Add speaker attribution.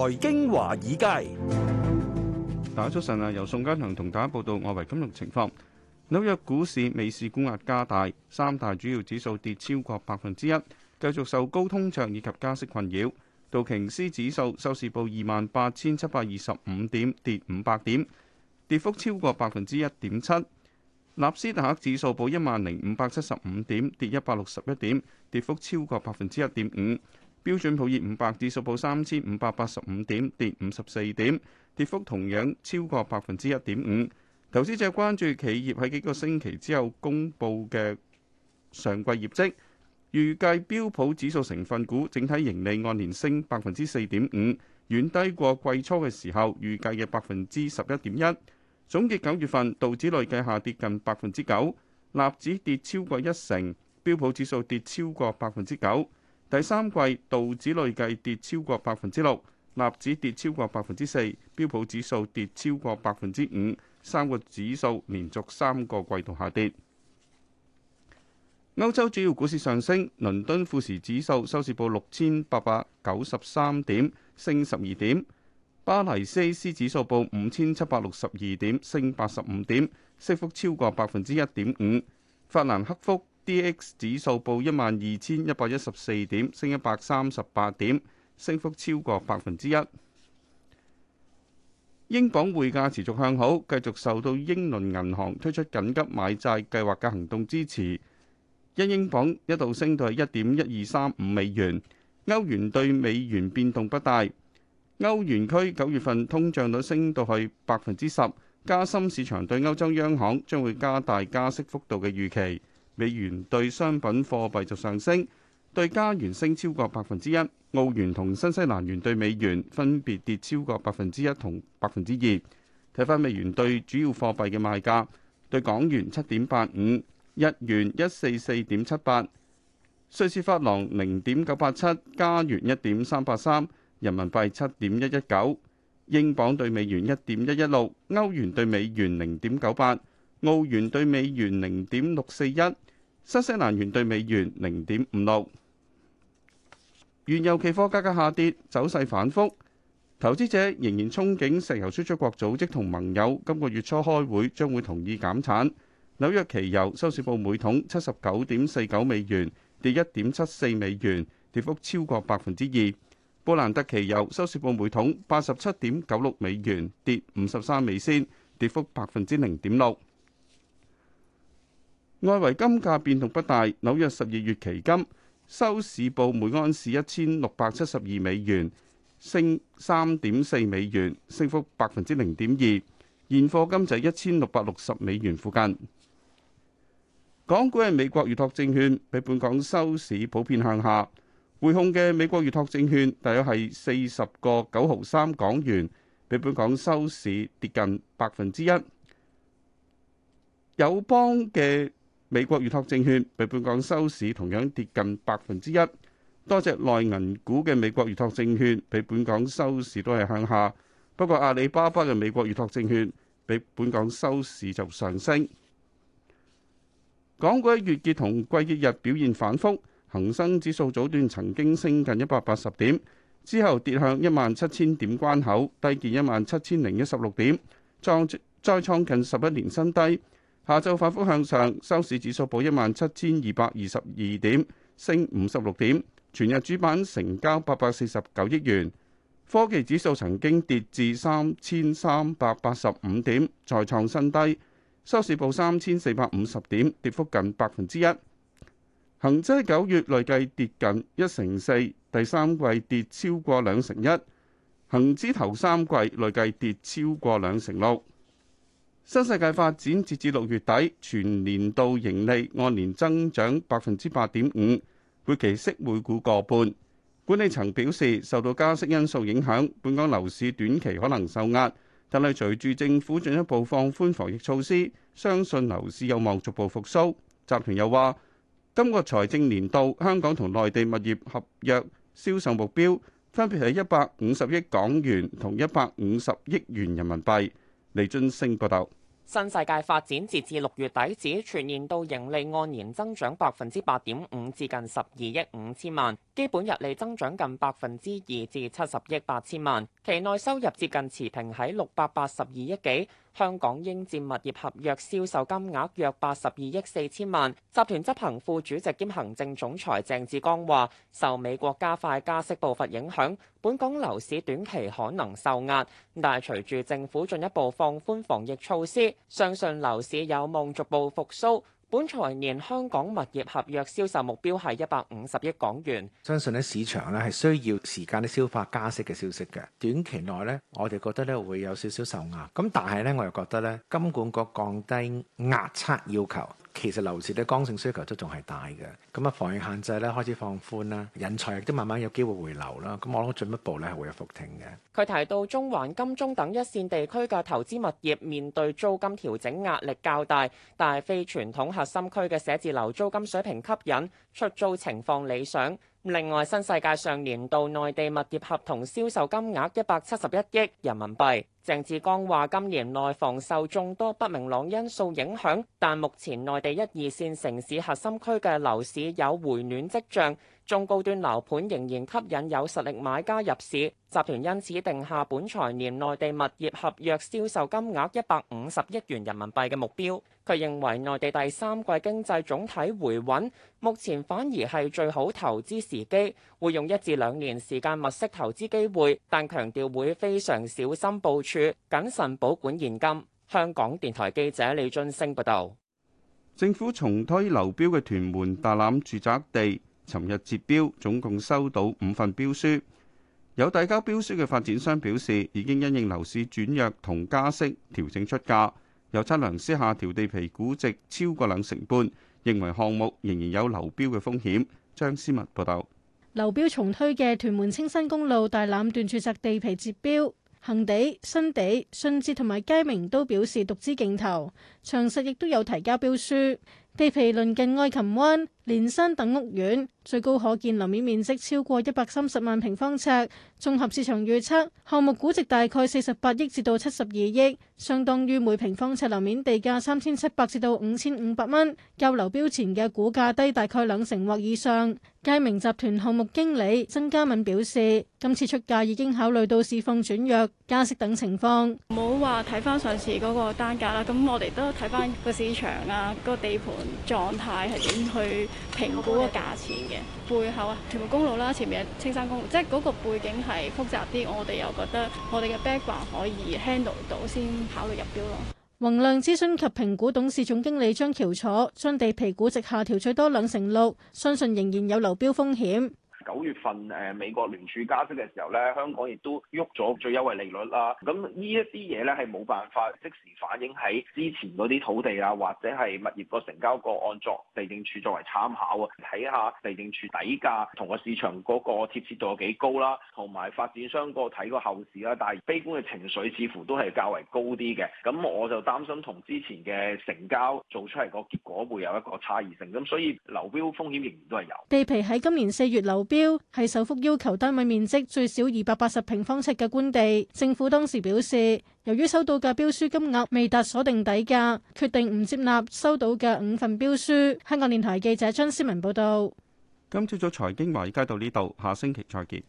Speaker 1: 財經華爾街，大家早晨啊！由宋嘉強同大家報道外圍金融情況。紐約股市美市股壓加大，三大主要指數跌超過百分之一，繼續受高通脹以及加息困擾。道瓊斯指數收市報二萬八千七百二十五點，跌五百點，跌幅超過百分之一點七。納斯達克指數報一萬零五百七十五點，跌一百六十一點，跌幅超過百分之一點五。標準普爾五百指數報三千五百八十五點，跌五十四點，跌幅同樣超過百分之一點五。投資者關注企業喺幾個星期之後公佈嘅上季業績，預計標普指數成分股整體盈利按年升百分之四點五，遠低過季初嘅時候預計嘅百分之十一點一。總結九月份道指累計下跌近百分之九，納指跌超過一成，標普指數跌超過百分之九。第三季道指累計跌超過百分之六，納指跌超過百分之四，標普指數跌超過百分之五，三個指數連續三個季度下跌。歐洲主要股市上升，倫敦富時指數收市報六千八百九十三點，升十二點；巴黎 CAC 指數報五千七百六十二點，升八十五點，升幅超過百分之一點五。法蘭克福 DX 指數報一萬二千一百一十四點，升一百三十八點，升幅超過百分之一。英鎊匯價持續向好，繼續受到英倫銀行推出緊急買債計劃嘅行動支持。一英鎊一度升到係一點一二三五美元。歐元對美元變動不大。歐元區九月份通脹率升到去百分之十，加深市場對歐洲央行將會加大加息幅度嘅預期。美元兌商品貨幣就上升，對加元升超過百分之一，澳元同新西蘭元對美元分別跌超過百分之一同百分之二。睇返美元對主要貨幣嘅賣價，對港元七點八五，日元一四四點七八，瑞士法郎零點九八七，加元一點三八三，人民幣七點一一九，英鎊對美元一點一一六，歐元對美元零點九八。澳元兌美元零點六四一，新西蘭元兌美元零點五六。原油期貨價格下跌，走勢反覆。投資者仍然憧憬石油輸出國組織同盟友今個月初開會將會同意減產。紐約期油收市報每桶七十九點四九美元，跌一點七四美元，跌幅超過百分之二。布蘭特期油收市報每桶八十七點九六美元，跌五十三美仙，跌幅百分之零點六。外圍金價變動不大，紐約十二月期金收市報每安士一千六百七十二美元，升三點四美元，升幅百分之零點二。現貨金就一千六百六十美元附近。港股係美國預託證券，比本港收市普遍向下。匯控嘅美國預託證券大約係四十個九毫三港元，比本港收市跌近百分之一。友邦嘅美國預託證券比本港收市同樣跌近百分之一，多隻內銀股嘅美國預託證券比本港收市都係向下，不過阿里巴巴嘅美國預託證券比本港收市就上升。港股喺月結同季結日表現反覆，恒生指數早段曾經升近一百八十點，之後跌向一萬七千點關口，低見一萬七千零一十六點，創再創近十一年新低。下晝反覆向上，收市指數報一萬七千二百二十二點，升五十六點。全日主板成交八百四十九億元。科技指數曾經跌至三千三百八十五點，再創新低，收市報三千四百五十點，跌幅近百分之一。恒指九月累計跌近一成四，第三季跌超過兩成一，恒指頭三季累計跌超過兩成六。新世界發展截至六月底全年度盈利按年增長百分之八點五，末期息每股個半。管理層表示，受到加息因素影響，本港樓市短期可能受壓，但係隨住政府進一步放寬防疫措施，相信樓市有望逐步復甦。集團又話，今個財政年度香港同內地物業合約銷售目標分別係一百五十億港元同一百五十億元人民幣。李俊升報道。
Speaker 2: 新世界發展截至六月底止，全年度盈利按年增長百分之八點五，至近十二億五千萬。基本溢利增長近百分之二至七十億八千萬，期內收入接近持平喺六百八十二億幾。香港應佔物業合約銷售金額約八十二億四千萬。集團執行副主席兼行政總裁鄭志剛話，受美國加快加息步伐影響，本港樓市短期可能受壓，但係隨住政府進一步放寬防疫措施，相信樓市有望逐步復甦。本財年香港物業合約銷售目標係一百五十億港元。相信咧市場咧係需要時間咧消化加息嘅消息嘅。短期內咧，我哋覺得咧會有少少受壓。咁但係咧，我又覺得咧金管局降低壓測要求。其實樓市嘅剛性需求都仲係大嘅，咁啊，防疫限制咧開始放寬啦，人才亦都慢慢有機會回流啦，咁我諗進一步咧係會有復庭嘅。佢提到中環、金鐘等一線地區嘅投資物業面對租金調整壓力較大，但係非傳統核心區嘅寫字樓租金水平吸引，出租情況理想。另外，新世界上年度內地物業合同銷售金額一百七十一億人民幣。鄭志剛話：今年內房受眾多不明朗因素影響，但目前內地一二線城市核心區嘅樓市有回暖跡象。中高端樓盤仍然吸引有實力買家入市，集團因此定下本財年內地物業合約銷售金額一百五十億元人民幣嘅目標，佢認為內地第三季經濟總體回穩，目前反而係最好投資時機，會用一至兩年時間物色投資機會，但強調會非常小心部署，謹慎保管現金。香港電台記者李俊升報
Speaker 1: 道。政府重推流標嘅屯門大欖住宅地。尋日截標，總共收到五份標書。有遞交標書嘅發展商表示，已經因應樓市轉弱同加息調整出價。有測量師下調地皮估值超過兩成半，認為項目仍然有流標嘅風險。張思文報道，
Speaker 3: 流標重推嘅屯門青山公路大欖段住宅地皮截標，恆地、新地、信置同埋佳明都表示獨資競投，長實亦都有提交標書。地皮鄰近愛琴灣、連山等屋苑，最高可見樓面面積超過一百三十萬平方尺。綜合市場預測，項目估值大概四十八億至到七十二億，相當於每平方尺樓面地價三千七百至到五千五百蚊，較樓標前嘅估價低大概兩成或以上。佳明集團項目經理曾嘉敏表示，今次出價已經考慮到市況轉弱、加息等情況。冇好話睇翻上次嗰個單價啦，咁我哋都睇翻個市場啊，個地盤。狀態係點去評估個價錢嘅背後啊，屯門公路啦，前面青山公路，即係嗰個背景係複雜啲，我哋又覺得我哋嘅 background 可以 handle 到先考慮入標咯。宏亮諮詢及評估董事總經理張翹楚將地皮估值下調最多兩成六，相信仍然有流標風險。
Speaker 2: 九月份誒美國聯儲加息嘅時候咧，香港亦都喐咗最優惠利率啦。咁呢一啲嘢咧係冇辦法即時反映喺之前嗰啲土地啊，或者係物業個成交個案作地政署作為參考啊，睇下地政署底價同個市場嗰個貼切度有幾高啦，同埋發展商個睇個後市啦。但係悲觀嘅情緒似乎都係較為高啲嘅。咁我就擔心同之前嘅成交做出嚟個結果會有一個差異性。咁所以流標風險仍然都係有
Speaker 3: 地皮喺今年四月流標。係首幅要求單位面積最少二百八十平方尺嘅官地，政府當時表示，由於收到嘅標書金額未達鎖定底價，決定唔接納收到嘅五份標書。香港電台記者張思文報導。
Speaker 1: 今朝早財經華爾街到呢度，下星期再見。